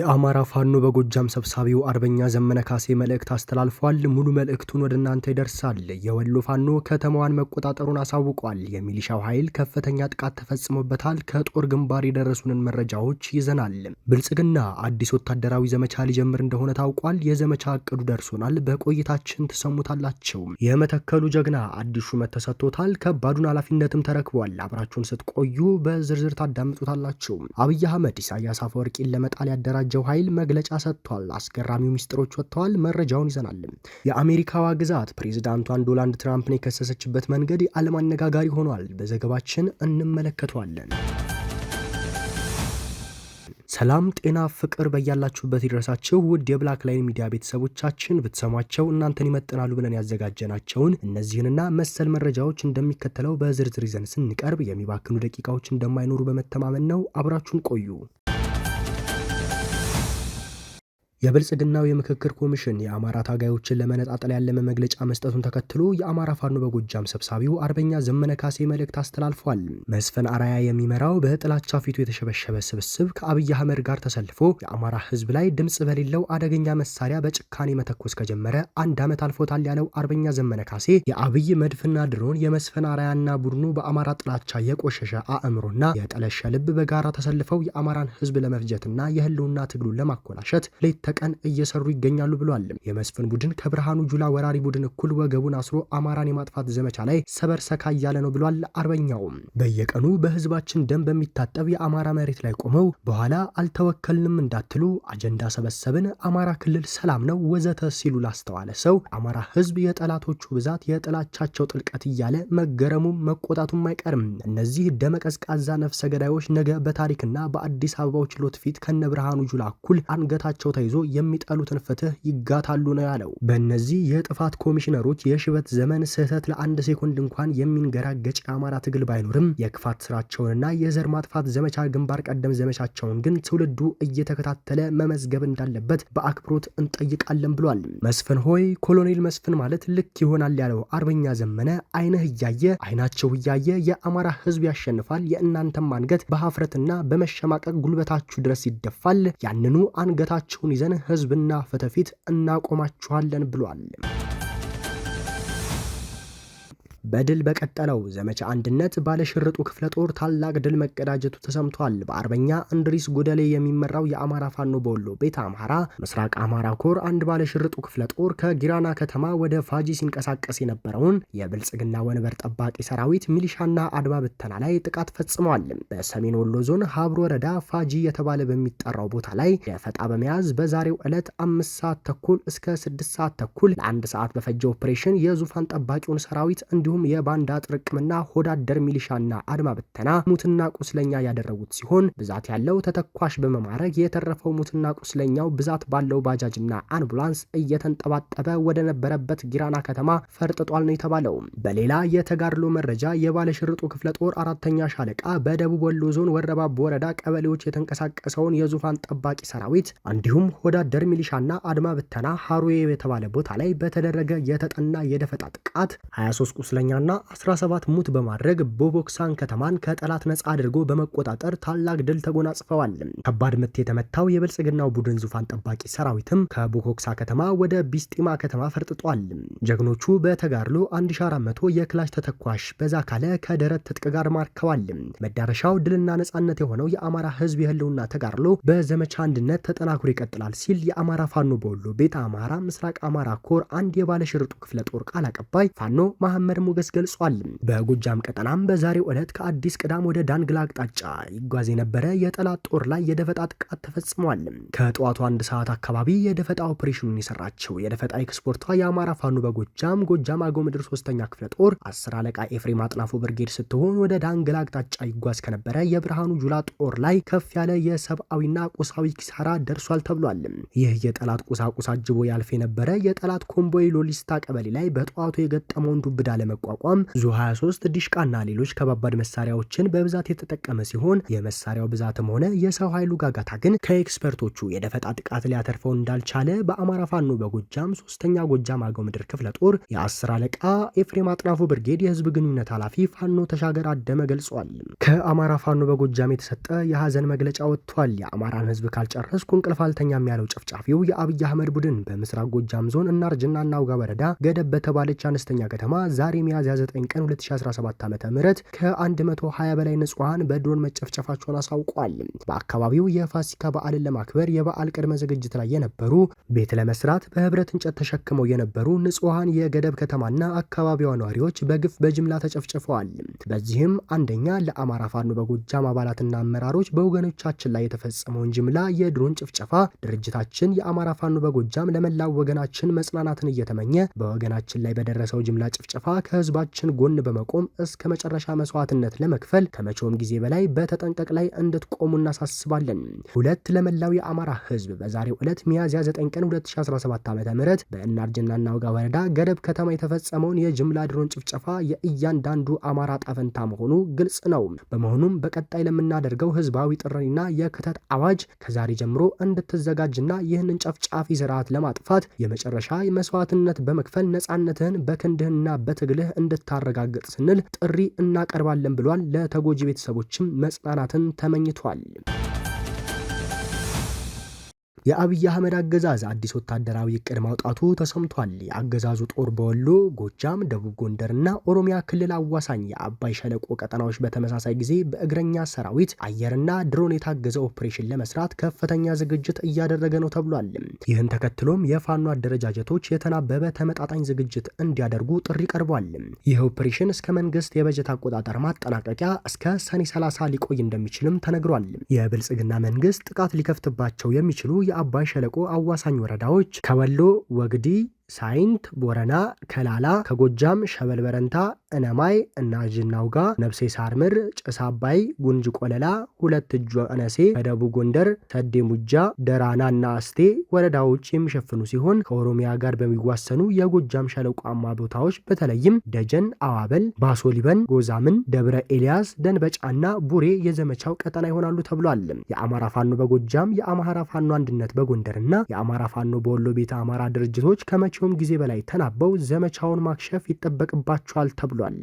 የአማራ ፋኖ በጎጃም ሰብሳቢው አርበኛ ዘመነ ካሴ መልእክት አስተላልፏል። ሙሉ መልእክቱን ወደ እናንተ ይደርሳል። የወሎ ፋኖ ከተማዋን መቆጣጠሩን አሳውቋል። የሚሊሻው ኃይል ከፍተኛ ጥቃት ተፈጽሞበታል። ከጦር ግንባር የደረሱንን መረጃዎች ይዘናል። ብልጽግና አዲስ ወታደራዊ ዘመቻ ሊጀምር እንደሆነ ታውቋል። የዘመቻ እቅዱ ደርሶናል። በቆይታችን ትሰሙታላቸው። የመተከሉ ጀግና አዲስ ሹመት ተሰጥቶታል። ከባዱን ኃላፊነትም ተረክቧል። አብራችሁን ስትቆዩ በዝርዝር ታዳምጡታላቸው። አብይ አህመድ ኢሳያስ አፈወርቂን ለመጣል ያደራጀ የተደራጀው ኃይል መግለጫ ሰጥቷል። አስገራሚው ሚስጥሮች ወጥተዋል። መረጃውን ይዘናል። የአሜሪካዋ ግዛት ፕሬዚዳንቷን ዶናልድ ትራምፕን የከሰሰችበት መንገድ የዓለም አነጋጋሪ ሆኗል። በዘገባችን እንመለከተዋለን። ሰላም፣ ጤና፣ ፍቅር በያላችሁበት ይድረሳችሁ። ውድ የብላክ ላይን ሚዲያ ቤተሰቦቻችን ብትሰሟቸው እናንተን ይመጥናሉ ብለን ያዘጋጀናቸውን እነዚህንና መሰል መረጃዎች እንደሚከተለው በዝርዝር ይዘን ስንቀርብ የሚባክኑ ደቂቃዎች እንደማይኖሩ በመተማመን ነው። አብራችሁን ቆዩ። የብልጽግናው የምክክር ኮሚሽን የአማራ ታጋዮችን ለመነጣጠል ያለመ መግለጫ መስጠቱን ተከትሎ የአማራ ፋኖ በጎጃም ሰብሳቢው አርበኛ ዘመነ ካሴ መልእክት አስተላልፏል። መስፍን አራያ የሚመራው በጥላቻ ፊቱ የተሸበሸበ ስብስብ ከአብይ አህመድ ጋር ተሰልፎ የአማራ ሕዝብ ላይ ድምፅ በሌለው አደገኛ መሳሪያ በጭካኔ መተኮስ ከጀመረ አንድ ዓመት አልፎታል ያለው አርበኛ ዘመነ ካሴ የአብይ መድፍና ድሮን የመስፍን አራያና ቡድኑ በአማራ ጥላቻ የቆሸሸ አእምሮና የጠለሸ ልብ በጋራ ተሰልፈው የአማራን ሕዝብ ለመፍጀትና የህልውና ትግሉን ለማኮላሸት ቀን እየሰሩ ይገኛሉ ብሏል። የመስፍን ቡድን ከብርሃኑ ጁላ ወራሪ ቡድን እኩል ወገቡን አስሮ አማራን የማጥፋት ዘመቻ ላይ ሰበር ሰካ እያለ ነው ብሏል። አርበኛውም በየቀኑ በህዝባችን ደም በሚታጠብ የአማራ መሬት ላይ ቆመው በኋላ አልተወከልንም እንዳትሉ አጀንዳ ሰበሰብን፣ አማራ ክልል ሰላም ነው ወዘተ ሲሉ ላስተዋለ ሰው አማራ ህዝብ የጠላቶቹ ብዛት የጥላቻቸው ጥልቀት እያለ መገረሙም መቆጣቱም አይቀርም። እነዚህ ደመቀዝቃዛ ነፍሰ ገዳዮች ነገ በታሪክና በአዲስ አበባው ችሎት ፊት ከነ ብርሃኑ ጁላ እኩል አንገታቸው ተይዞ የሚጠሉትን ፍትህ ይጋታሉ ነው ያለው። በእነዚህ የጥፋት ኮሚሽነሮች የሽበት ዘመን ስህተት ለአንድ ሴኮንድ እንኳን የሚንገራገጭ የአማራ ትግል ባይኖርም የክፋት ስራቸውንና የዘር ማጥፋት ዘመቻ ግንባር ቀደም ዘመቻቸውን ግን ትውልዱ እየተከታተለ መመዝገብ እንዳለበት በአክብሮት እንጠይቃለን ብሏል። መስፍን ሆይ ኮሎኔል መስፍን ማለት ልክ ይሆናል ያለው አርበኛ ዘመነ አይንህ እያየ አይናቸው እያየ የአማራ ህዝብ ያሸንፋል፣ የእናንተም አንገት በሀፍረትና በመሸማቀቅ ጉልበታችሁ ድረስ ይደፋል፣ ያንኑ አንገታችሁን ይዘን ህዝብና ፍትህ ፊት እናቆማችኋለን ብሏል። በድል በቀጠለው ዘመቻ አንድነት ባለሽርጡ ክፍለ ጦር ታላቅ ድል መቀዳጀቱ ተሰምቷል። በአርበኛ እንድሪስ ጉደሌ የሚመራው የአማራ ፋኖ በወሎ ቤት አምሃራ ምስራቅ አማራ ኮር አንድ ባለሽርጡ ክፍለ ጦር ከጊራና ከተማ ወደ ፋጂ ሲንቀሳቀስ የነበረውን የብልጽግና ወንበር ጠባቂ ሰራዊት ሚሊሻና አድማ ብተና ላይ ጥቃት ፈጽመዋል። በሰሜን ወሎ ዞን ሀብሮ ወረዳ ፋጂ የተባለ በሚጠራው ቦታ ላይ ደፈጣ በመያዝ በዛሬው ዕለት አምስት ሰዓት ተኩል እስከ ስድስት ሰዓት ተኩል ለአንድ ሰዓት በፈጀ ኦፕሬሽን የዙፋን ጠባቂውን ሰራዊት እንዲሁ እንዲሁም የባንዳ ጥርቅምና ሆዳደር ሚሊሻና አድማ ብተና ሙትና ቁስለኛ ያደረጉት ሲሆን ብዛት ያለው ተተኳሽ በመማረግ የተረፈው ሙትና ቁስለኛው ብዛት ባለው ባጃጅና አምቡላንስ እየተንጠባጠበ ወደ ነበረበት ጊራና ከተማ ፈርጥጧል ነው የተባለው። በሌላ የተጋድሎ መረጃ የባለሽርጡ ክፍለ ጦር አራተኛ ሻለቃ በደቡብ ወሎ ዞን ወረባቦ ወረዳ ቀበሌዎች የተንቀሳቀሰውን የዙፋን ጠባቂ ሰራዊት እንዲሁም ሆዳደር ሚሊሻና አድማ ብተና ሀሩዬ የተባለ ቦታ ላይ በተደረገ የተጠና የደፈጣ ጥቃት 23 ቁስለ ቁስለኛና 17 ሙት በማድረግ ቦቦክሳን ከተማን ከጠላት ነጻ አድርጎ በመቆጣጠር ታላቅ ድል ተጎናጽፈዋል። ከባድ ምት የተመታው የብልጽግናው ቡድን ዙፋን ጠባቂ ሰራዊትም ከቦኮክሳ ከተማ ወደ ቢስጢማ ከተማ ፈርጥጧል። ጀግኖቹ በተጋድሎ 1400 የክላሽ ተተኳሽ በዛ ካለ ከደረት ትጥቅ ጋር ማርከዋል። መዳረሻው ድልና ነጻነት የሆነው የአማራ ህዝብ የህልውና ተጋድሎ በዘመቻ አንድነት ተጠናክሮ ይቀጥላል ሲል የአማራ ፋኖ በወሎ ቤተ አማራ ምስራቅ አማራ ኮር አንድ የባለሽርጡ ክፍለ ጦር ቃል አቀባይ ፋኖ መሐመድ ሞገስ ገልጿል። በጎጃም ቀጠናም በዛሬው ዕለት ከአዲስ ቅዳም ወደ ዳንግላ አቅጣጫ ይጓዝ የነበረ የጠላት ጦር ላይ የደፈጣ ጥቃት ተፈጽሟል። ከጠዋቱ አንድ ሰዓት አካባቢ የደፈጣ ኦፕሬሽኑን የሰራቸው የደፈጣ ኤክስፖርቷ የአማራ ፋኑ በጎጃም ጎጃም አገው ምድር ሶስተኛ ክፍለ ጦር አስር አለቃ ኤፍሬም አጥናፉ ብርጌድ ስትሆን ወደ ዳንግላ አቅጣጫ ይጓዝ ከነበረ የብርሃኑ ጁላ ጦር ላይ ከፍ ያለ የሰብአዊና ቁሳዊ ኪሳራ ደርሷል ተብሏል። ይህ የጠላት ቁሳቁስ አጅቦ ያልፍ የነበረ የጠላት ኮምቦይ ሎሊስታ ቀበሌ ላይ በጠዋቱ የገጠመውን ዱብዳ ለመ በመቋቋም ዙ 23 ዲሽቃና ሌሎች ከባባድ መሳሪያዎችን በብዛት የተጠቀመ ሲሆን የመሳሪያው ብዛትም ሆነ የሰው ኃይሉ ጋጋታ ግን ከኤክስፐርቶቹ የደፈጣ ጥቃት ሊያተርፈው እንዳልቻለ በአማራ ፋኖ በጎጃም ሶስተኛ ጎጃም አገው ምድር ክፍለ ጦር የአስር አለቃ ኤፍሬም አጥናፉ ብርጌድ የህዝብ ግንኙነት ኃላፊ ፋኖ ተሻገር አደመ ገልጿል። ከአማራ ፋኖ በጎጃም የተሰጠ የሀዘን መግለጫ ወጥቷል። የአማራን ህዝብ ካልጨረስኩ እንቅልፍ አልተኛም ያለው ጨፍጫፊው የአብይ አህመድ ቡድን በምስራቅ ጎጃም ዞን እናርጅና እናውጋ ወረዳ ገደብ በተባለች አነስተኛ ከተማ ዛሬም ሚያዝያ 9 ቀን 2017 ዓ.ም ከ120 በላይ ንጹሐን በድሮን መጨፍጨፋቸውን አሳውቋል። በአካባቢው የፋሲካ በዓልን ለማክበር የበዓል ቅድመ ዝግጅት ላይ የነበሩ ቤት ለመስራት በህብረት እንጨት ተሸክመው የነበሩ ንጹሐን የገደብ ከተማና አካባቢዋ ነዋሪዎች በግፍ በጅምላ ተጨፍጭፈዋል። በዚህም አንደኛ ለአማራ ፋኖ በጎጃም አባላትና አመራሮች በወገኖቻችን ላይ የተፈጸመውን ጅምላ የድሮን ጭፍጨፋ ድርጅታችን የአማራ ፋኖ በጎጃም ለመላው ወገናችን መጽናናትን እየተመኘ በወገናችን ላይ በደረሰው ጅምላ ጭፍጨፋ ከ ከህዝባችን ጎን በመቆም እስከ መጨረሻ መስዋዕትነት ለመክፈል ከመቼውም ጊዜ በላይ በተጠንቀቅ ላይ እንድትቆሙ እናሳስባለን። ሁለት ለመላው የአማራ ህዝብ በዛሬው ዕለት ሚያዝያ 9 ቀን 2017 ዓ ም በእናርጅና እናውጋ ወረዳ ገደብ ከተማ የተፈጸመውን የጅምላ ድሮን ጭፍጨፋ የእያንዳንዱ አማራ ጣፈንታ መሆኑ ግልጽ ነው። በመሆኑም በቀጣይ ለምናደርገው ህዝባዊ ጥሪና የክተት አዋጅ ከዛሬ ጀምሮ እንድትዘጋጅና ይህንን ጨፍጫፊ ስርዓት ለማጥፋት የመጨረሻ መስዋዕትነት በመክፈል ነጻነትህን በክንድህና በትግልህ እንድታረጋግጥ ስንል ጥሪ እናቀርባለን ብሏል። ለተጎጂ ቤተሰቦችም መጽናናትን ተመኝቷል። የአብይ አህመድ አገዛዝ አዲስ ወታደራዊ እቅድ ማውጣቱ ተሰምቷል። የአገዛዙ ጦር በወሎ፣ ጎጃም፣ ደቡብ ጎንደርና ኦሮሚያ ክልል አዋሳኝ የአባይ ሸለቆ ቀጠናዎች በተመሳሳይ ጊዜ በእግረኛ ሰራዊት አየርና ድሮን የታገዘ ኦፕሬሽን ለመስራት ከፍተኛ ዝግጅት እያደረገ ነው ተብሏል። ይህን ተከትሎም የፋኖ አደረጃጀቶች የተናበበ ተመጣጣኝ ዝግጅት እንዲያደርጉ ጥሪ ቀርቧል። ይህ ኦፕሬሽን እስከ መንግስት የበጀት አቆጣጠር ማጠናቀቂያ እስከ ሰኔ 30 ሊቆይ እንደሚችልም ተነግሯል። የብልጽግና መንግስት ጥቃት ሊከፍትባቸው የሚችሉ የአባይ ሸለቆ አዋሳኝ ወረዳዎች ከወሎ ወግዲ ሳይንት፣ ቦረና፣ ከላላ፣ ከጎጃም ሸበልበረንታ እነማይ እና ጅናውጋ፣ ነብሴ ሳርምር፣ ጭስ አባይ፣ ጉንጅ ቆለላ፣ ሁለት እጁ አነሴ፣ ከደቡብ ጎንደር ሰዴ ሙጃ፣ ደራና እና አስቴ ወረዳዎች የሚሸፍኑ ሲሆን ከኦሮሚያ ጋር በሚዋሰኑ የጎጃም ሸለቋማ ቦታዎች በተለይም ደጀን፣ አዋበል፣ ባሶሊበን፣ ጎዛምን፣ ደብረ ኤልያስ፣ ደንበጫና ቡሬ የዘመቻው ቀጠና ይሆናሉ ተብሏል። የአማራ ፋኖ በጎጃም፣ የአማራ ፋኖ አንድነት በጎንደርና የአማራ ፋኖ በወሎ ቤተ አማራ ድርጅቶች ከመቼ ከመቼውም ጊዜ በላይ ተናበው ዘመቻውን ማክሸፍ ይጠበቅባቸዋል ተብሏል።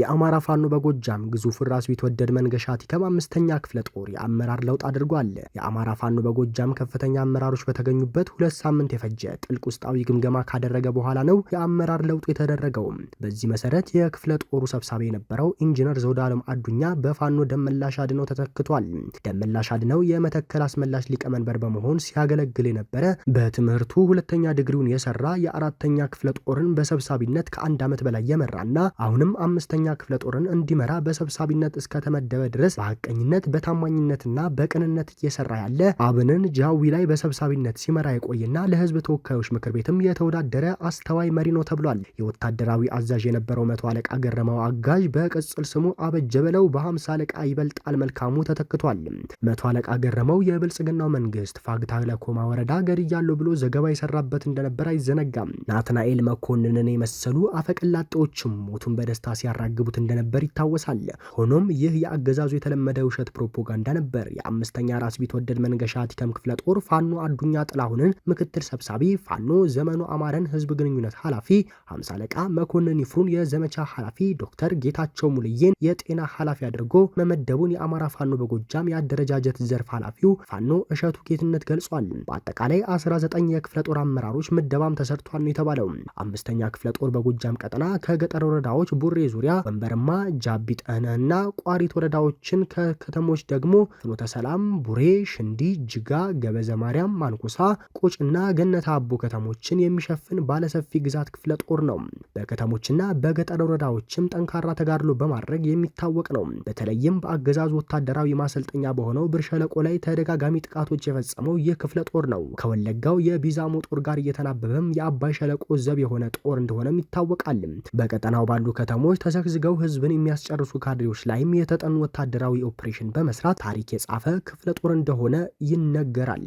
የአማራ ፋኖ በጎጃም ግዙፍ ራሱ ቢትወደድ መንገሻ ቲከም አምስተኛ ክፍለ ጦር የአመራር ለውጥ አድርጎ አለ። የአማራ ፋኖ በጎጃም ከፍተኛ አመራሮች በተገኙበት ሁለት ሳምንት የፈጀ ጥልቅ ውስጣዊ ግምገማ ካደረገ በኋላ ነው የአመራር ለውጡ የተደረገውም። በዚህ መሰረት የክፍለ ጦሩ ሰብሳቢ የነበረው ኢንጂነር ዘውዳለም አዱኛ በፋኖ ደመላሽ አድነው ተተክቷል። ደመላሽ አድነው የመተከል አስመላሽ ሊቀመንበር በመሆን ሲያገለግል የነበረ በትምህርቱ ሁለተኛ ዲግሪውን የሰራ የአራተኛ ክፍለ ጦርን በሰብሳቢነት ከአንድ ዓመት በላይ የመራና አሁንም አምስተኛ ክፍለ ጦርን እንዲመራ በሰብሳቢነት እስከተመደበ ድረስ በአቀኝነት በታማኝነትና በቅንነት እየሰራ ያለ አብንን ጃዊ ላይ በሰብሳቢነት ሲመራ የቆየና ለህዝብ ተወካዮች ምክር ቤትም የተወዳደረ አስተዋይ መሪ ነው ተብሏል። የወታደራዊ አዛዥ የነበረው መቶ አለቃ ገረመው አጋዥ በቅጽል ስሙ አበጀበለው በሀምሳ አለቃ ይበልጣል መልካሙ ተተክቷል። መቶ አለቃ ገረመው የብልጽግናው መንግስት ፋግታ ለኮማ ወረዳ ገድያለሁ ብሎ ዘገባ የሰራበት እንደነበር አይዘነጋም። ናትናኤል መኮንንን የመሰሉ አፈቀላጤዎችም ሞቱን በደስታ ሲያራግ ሲዘግቡት እንደነበር ይታወሳል። ሆኖም ይህ የአገዛዙ የተለመደ ውሸት ፕሮፓጋንዳ ነበር። የአምስተኛ ራስ ቢትወደድ መንገሻ ቲከም ክፍለ ጦር ፋኖ አዱኛ ጥላሁንን ምክትል ሰብሳቢ፣ ፋኖ ዘመኑ አማረን ህዝብ ግንኙነት ኃላፊ፣ ሀምሳ አለቃ መኮንን ይፍሩን የዘመቻ ኃላፊ፣ ዶክተር ጌታቸው ሙልዬን የጤና ኃላፊ አድርጎ መመደቡን የአማራ ፋኖ በጎጃም የአደረጃጀት ዘርፍ ኃላፊው ፋኖ እሸቱ ጌትነት ገልጿል። በአጠቃላይ 19 የክፍለ ጦር አመራሮች ምደባም ተሰርቷል ነው የተባለው። አምስተኛ ክፍለ ጦር በጎጃም ቀጠና ከገጠር ወረዳዎች ቡሬ ዙሪያ ወንበርማ፣ ጃቢ እና ቋሪት ወረዳዎችን ከከተሞች ደግሞ ፍኖተ ሰላም፣ ቡሬ፣ ሽንዲ፣ ጅጋ፣ ገበዘ ማርያም፣ ማንኩሳ፣ ቁጭና ገነት አቦ ከተሞችን የሚሸፍን ባለሰፊ ግዛት ክፍለ ጦር ነው። በከተሞችና በገጠር ወረዳዎችም ጠንካራ ተጋድሎ በማድረግ የሚታወቅ ነው። በተለይም በአገዛዝ ወታደራዊ ማሰልጠኛ በሆነው ብር ሸለቆ ላይ ተደጋጋሚ ጥቃቶች የፈጸመው ይህ ክፍለ ጦር ነው። ከወለጋው የቢዛሞ ጦር ጋር እየተናበበም የአባይ ሸለቆ ዘብ የሆነ ጦር እንደሆነም ይታወቃል። በቀጠናው ባሉ ከተሞች ተሰክ ዘግዝገው ህዝብን የሚያስጨርሱ ካድሬዎች ላይም የተጠኑ ወታደራዊ ኦፕሬሽን በመስራት ታሪክ የጻፈ ክፍለ ጦር እንደሆነ ይነገራል።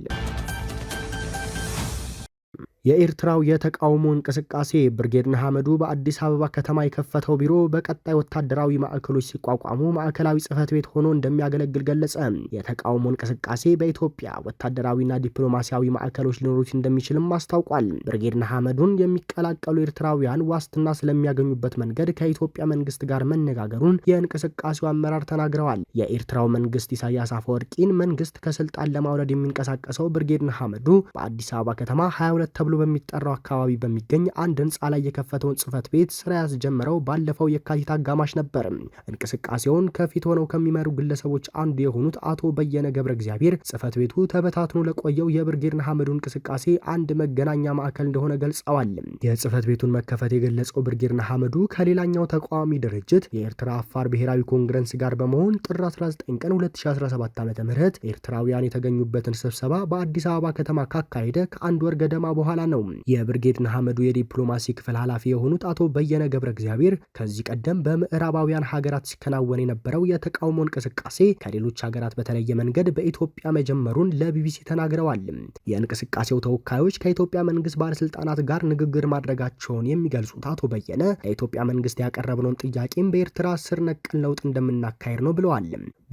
የኤርትራው የተቃውሞ እንቅስቃሴ ብርጌድ ንሓመዱ በአዲስ አበባ ከተማ የከፈተው ቢሮ በቀጣይ ወታደራዊ ማዕከሎች ሲቋቋሙ ማዕከላዊ ጽህፈት ቤት ሆኖ እንደሚያገለግል ገለጸ። የተቃውሞ እንቅስቃሴ በኢትዮጵያ ወታደራዊና ዲፕሎማሲያዊ ማዕከሎች ሊኖሩት እንደሚችልም አስታውቋል። ብርጌድ ንሓመዱን የሚቀላቀሉ ኤርትራውያን ዋስትና ስለሚያገኙበት መንገድ ከኢትዮጵያ መንግስት ጋር መነጋገሩን የእንቅስቃሴው አመራር ተናግረዋል። የኤርትራው መንግስት ኢሳያስ አፈወርቂን መንግስት ከስልጣን ለማውረድ የሚንቀሳቀሰው ብርጌድ ንሓመዱ በአዲስ አበባ ከተማ 22 ተብሎ ተብሎ በሚጠራው አካባቢ በሚገኝ አንድ ህንፃ ላይ የከፈተውን ጽህፈት ቤት ስራ ያስጀመረው ባለፈው የካቲት አጋማሽ ነበር። እንቅስቃሴውን ከፊት ሆነው ከሚመሩ ግለሰቦች አንዱ የሆኑት አቶ በየነ ገብረ እግዚአብሔር ጽህፈት ቤቱ ተበታትኖ ለቆየው የብርጌድ ንሓመዱ እንቅስቃሴ አንድ መገናኛ ማዕከል እንደሆነ ገልጸዋል። የጽህፈት ቤቱን መከፈት የገለጸው ብርጌድ ንሓመዱ ከሌላኛው ተቃዋሚ ድርጅት የኤርትራ አፋር ብሔራዊ ኮንግረስ ጋር በመሆን ጥር 19 ቀን 2017 ዓ ም ኤርትራውያን የተገኙበትን ስብሰባ በአዲስ አበባ ከተማ ካካሄደ ከአንድ ወር ገደማ በኋላ ነው። የብርጌድ ንሓመዱ የዲፕሎማሲ ክፍል ኃላፊ የሆኑት አቶ በየነ ገብረ እግዚአብሔር ከዚህ ቀደም በምዕራባውያን ሀገራት ሲከናወን የነበረው የተቃውሞ እንቅስቃሴ ከሌሎች ሀገራት በተለየ መንገድ በኢትዮጵያ መጀመሩን ለቢቢሲ ተናግረዋል። የእንቅስቃሴው ተወካዮች ከኢትዮጵያ መንግስት ባለስልጣናት ጋር ንግግር ማድረጋቸውን የሚገልጹት አቶ በየነ ለኢትዮጵያ መንግስት ያቀረብነውን ጥያቄም በኤርትራ ስር ነቀል ለውጥ እንደምናካሄድ ነው ብለዋል።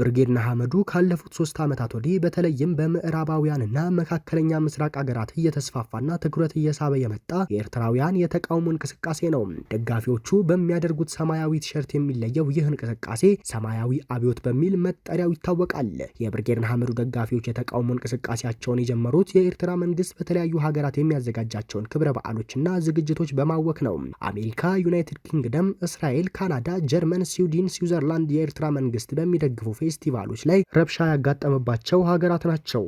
ብርጌድ ንሓመዱ ካለፉት ሶስት ዓመታት ወዲህ በተለይም በምዕራባውያንና መካከለኛ ምስራቅ ሀገራት እየተስፋፋና ትኩረት ትኩረት እየሳበ የመጣ የኤርትራውያን የተቃውሞ እንቅስቃሴ ነው። ደጋፊዎቹ በሚያደርጉት ሰማያዊ ቲሸርት የሚለየው ይህ እንቅስቃሴ ሰማያዊ አብዮት በሚል መጠሪያው ይታወቃል። የብርጌድ ንሓመዱ ደጋፊዎች የተቃውሞ እንቅስቃሴያቸውን የጀመሩት የኤርትራ መንግስት በተለያዩ ሀገራት የሚያዘጋጃቸውን ክብረ በዓሎችና ዝግጅቶች በማወክ ነው። አሜሪካ፣ ዩናይትድ ኪንግደም፣ እስራኤል፣ ካናዳ፣ ጀርመን፣ ስዊድን፣ ስዊዘርላንድ የኤርትራ መንግስት በሚደግፉ ፌስቲቫሎች ላይ ረብሻ ያጋጠመባቸው ሀገራት ናቸው።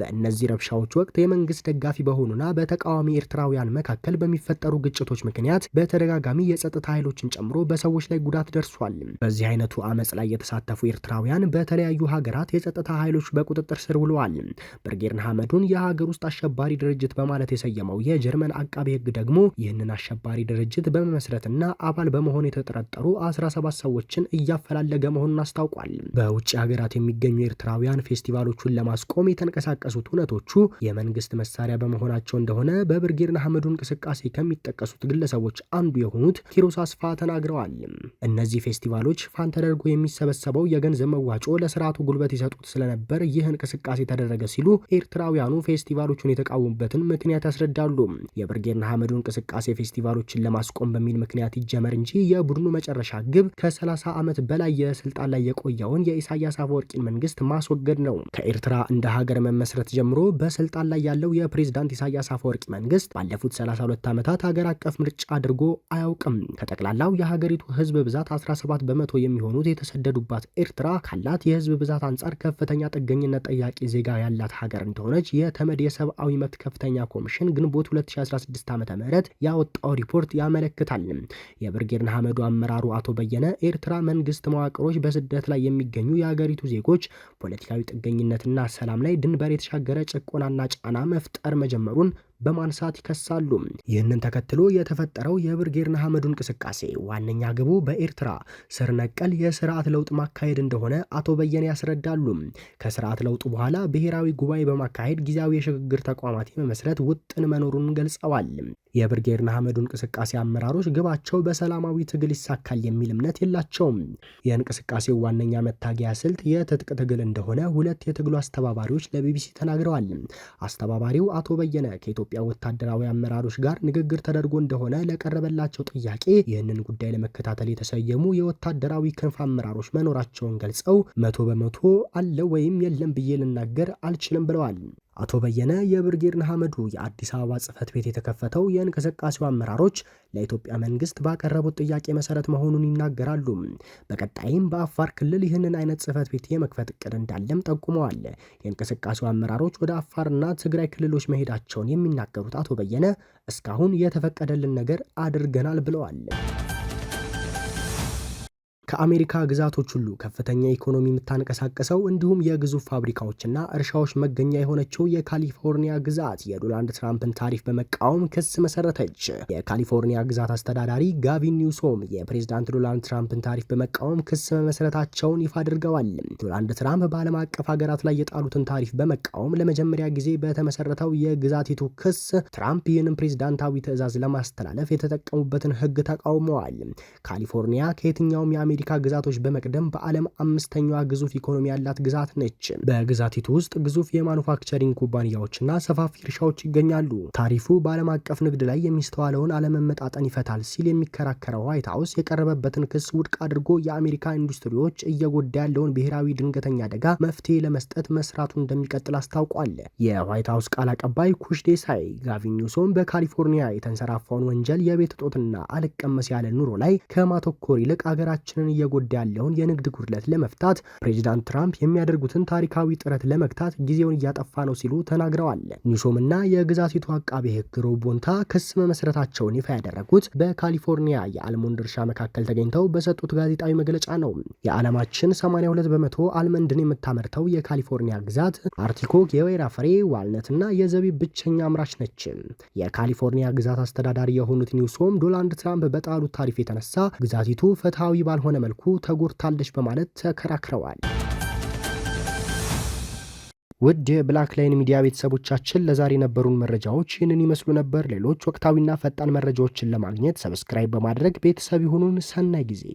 በእነዚህ ረብሻዎች ወቅት የመንግስት ደጋፊ በሆኑና በተቃ ተቃዋሚ ኤርትራውያን መካከል በሚፈጠሩ ግጭቶች ምክንያት በተደጋጋሚ የጸጥታ ኃይሎችን ጨምሮ በሰዎች ላይ ጉዳት ደርሷል። በዚህ አይነቱ አመፅ ላይ የተሳተፉ ኤርትራውያን በተለያዩ ሀገራት የጸጥታ ኃይሎች በቁጥጥር ስር ውለዋል። ብርጌድ ንሓመዱን የሀገር ውስጥ አሸባሪ ድርጅት በማለት የሰየመው የጀርመን አቃቤ ሕግ ደግሞ ይህንን አሸባሪ ድርጅት በመመስረትና አባል በመሆን የተጠረጠሩ 17 ሰዎችን እያፈላለገ መሆኑን አስታውቋል። በውጭ ሀገራት የሚገኙ ኤርትራውያን ፌስቲቫሎቹን ለማስቆም የተንቀሳቀሱት እውነቶቹ የመንግስት መሳሪያ በመሆናቸው እንደሆነ በብርጌር አህመዱ እንቅስቃሴ ከሚጠቀሱት ግለሰቦች አንዱ የሆኑት ኪሮስ አስፋ ተናግረዋል። እነዚህ ፌስቲቫሎች ፋን ተደርጎ የሚሰበሰበው የገንዘብ መዋጮ ለስርዓቱ ጉልበት ይሰጡት ስለነበር ይህ እንቅስቃሴ ተደረገ ሲሉ ኤርትራውያኑ ፌስቲቫሎቹን የተቃወሙበትን ምክንያት ያስረዳሉ። የብርጌር አህመዱ እንቅስቃሴ ፌስቲቫሎችን ለማስቆም በሚል ምክንያት ይጀመር እንጂ የቡድኑ መጨረሻ ግብ ከ30 ዓመት በላይ የስልጣን ላይ የቆየውን የኢሳያስ አፈወርቂን መንግስት ማስወገድ ነው። ከኤርትራ እንደ ሀገር መመስረት ጀምሮ በስልጣን ላይ ያለው የፕሬዝዳንት ኢሳያስ አፈወርቂ መንግስት ባለፉት 32 ዓመታት ሀገር አቀፍ ምርጫ አድርጎ አያውቅም። ከጠቅላላው የሀገሪቱ ህዝብ ብዛት 17 በመቶ የሚሆኑት የተሰደዱባት ኤርትራ ካላት የህዝብ ብዛት አንጻር ከፍተኛ ጥገኝነት ጠያቂ ዜጋ ያላት ሀገር እንደሆነች የተመድ የሰብአዊ መብት ከፍተኛ ኮሚሽን ግንቦት 2016 ዓ ም ያወጣው ሪፖርት ያመለክታል። የብርጌድ ንሓመዱ አመራሩ አቶ በየነ ኤርትራ መንግስት መዋቅሮች በስደት ላይ የሚገኙ የሀገሪቱ ዜጎች ፖለቲካዊ ጥገኝነትና ሰላም ላይ ድንበር የተሻገረ ጭቆናና ጫና መፍጠር መጀመሩን በማንሳት ይከሳሉ። ይህንን ተከትሎ የተፈጠረው የብርጌርና ሐመዱ እንቅስቃሴ ዋነኛ ግቡ በኤርትራ ስር ነቀል የስርዓት ለውጥ ማካሄድ እንደሆነ አቶ በየነ ያስረዳሉ። ከስርዓት ለውጡ በኋላ ብሔራዊ ጉባኤ በማካሄድ ጊዜያዊ የሽግግር ተቋማት የመመስረት ውጥን መኖሩን ገልጸዋል። የብርጌድ ንሓመዱ እንቅስቃሴ አመራሮች ግባቸው በሰላማዊ ትግል ይሳካል የሚል እምነት የላቸውም። የእንቅስቃሴው ዋነኛ መታገያ ስልት የትጥቅ ትግል እንደሆነ ሁለት የትግሉ አስተባባሪዎች ለቢቢሲ ተናግረዋል። አስተባባሪው አቶ በየነ ከኢትዮጵያ ወታደራዊ አመራሮች ጋር ንግግር ተደርጎ እንደሆነ ለቀረበላቸው ጥያቄ ይህንን ጉዳይ ለመከታተል የተሰየሙ የወታደራዊ ክንፍ አመራሮች መኖራቸውን ገልጸው መቶ በመቶ አለ ወይም የለም ብዬ ልናገር አልችልም ብለዋል። አቶ በየነ የብርጌድ ንሓመዱ የአዲስ አበባ ጽህፈት ቤት የተከፈተው የእንቅስቃሴው አመራሮች ለኢትዮጵያ መንግስት ባቀረቡት ጥያቄ መሰረት መሆኑን ይናገራሉ። በቀጣይም በአፋር ክልል ይህንን አይነት ጽህፈት ቤት የመክፈት እቅድ እንዳለም ጠቁመዋል። የእንቅስቃሴው አመራሮች ወደ አፋርና ትግራይ ክልሎች መሄዳቸውን የሚናገሩት አቶ በየነ እስካሁን የተፈቀደልን ነገር አድርገናል ብለዋል። ከአሜሪካ ግዛቶች ሁሉ ከፍተኛ ኢኮኖሚ የምታንቀሳቀሰው እንዲሁም የግዙፍ ፋብሪካዎችና እርሻዎች መገኛ የሆነችው የካሊፎርኒያ ግዛት የዶናልድ ትራምፕን ታሪፍ በመቃወም ክስ መሰረተች። የካሊፎርኒያ ግዛት አስተዳዳሪ ጋቪን ኒውሶም የፕሬዝዳንት ዶናልድ ትራምፕን ታሪፍ በመቃወም ክስ መመሰረታቸውን ይፋ አድርገዋል። ዶናልድ ትራምፕ በዓለም አቀፍ ሀገራት ላይ የጣሉትን ታሪፍ በመቃወም ለመጀመሪያ ጊዜ በተመሰረተው የግዛቲቱ ክስ ትራምፕ ይህንን ፕሬዝዳንታዊ ትዕዛዝ ለማስተላለፍ የተጠቀሙበትን ሕግ ተቃውመዋል። ካሊፎርኒያ ከየትኛውም የአሜሪ ከአፍሪካ ግዛቶች በመቅደም በዓለም አምስተኛዋ ግዙፍ ኢኮኖሚ ያላት ግዛት ነች። በግዛቲቱ ውስጥ ግዙፍ የማኑፋክቸሪንግ ኩባንያዎችና ሰፋፊ እርሻዎች ይገኛሉ። ታሪፉ በዓለም አቀፍ ንግድ ላይ የሚስተዋለውን አለመመጣጠን ይፈታል ሲል የሚከራከረው ዋይት ሀውስ የቀረበበትን ክስ ውድቅ አድርጎ የአሜሪካ ኢንዱስትሪዎች እየጎዳ ያለውን ብሔራዊ ድንገተኛ አደጋ መፍትሄ ለመስጠት መስራቱን እንደሚቀጥል አስታውቋል። የዋይት ሀውስ ቃል አቀባይ ኩሽ ዴሳይ ጋቪን ኒውሶም በካሊፎርኒያ የተንሰራፋውን ወንጀል፣ የቤት እጦትና አልቀመስ ያለ ኑሮ ላይ ከማተኮር ይልቅ አገራችንን እየጎዳ ያለውን የንግድ ጉድለት ለመፍታት ፕሬዚዳንት ትራምፕ የሚያደርጉትን ታሪካዊ ጥረት ለመግታት ጊዜውን እያጠፋ ነው ሲሉ ተናግረዋል። ኒሾምና የግዛቲቱ አቃቤ ሕግ ሮብ ቦንታ ክስ መመስረታቸውን ይፋ ያደረጉት በካሊፎርኒያ የአልሞንድ እርሻ መካከል ተገኝተው በሰጡት ጋዜጣዊ መግለጫ ነው። የዓለማችን 82 በመቶ አልመንድን የምታመርተው የካሊፎርኒያ ግዛት አርቲኮክ፣ የወይራ ፍሬ፣ ዋልነትና የዘቢብ ብቸኛ አምራች ነች። የካሊፎርኒያ ግዛት አስተዳዳሪ የሆኑት ኒውሶም ዶናልድ ትራምፕ በጣሉት ታሪፍ የተነሳ ግዛቲቱ ፍትሐዊ ባልሆነ በሆነ መልኩ ተጎድታለች በማለት ተከራክረዋል። ውድ የብላክ ላይን ሚዲያ ቤተሰቦቻችን ለዛሬ የነበሩን መረጃዎች ይህንን ይመስሉ ነበር። ሌሎች ወቅታዊና ፈጣን መረጃዎችን ለማግኘት ሰብስክራይብ በማድረግ ቤተሰብ ይሁኑን። ሰናይ ጊዜ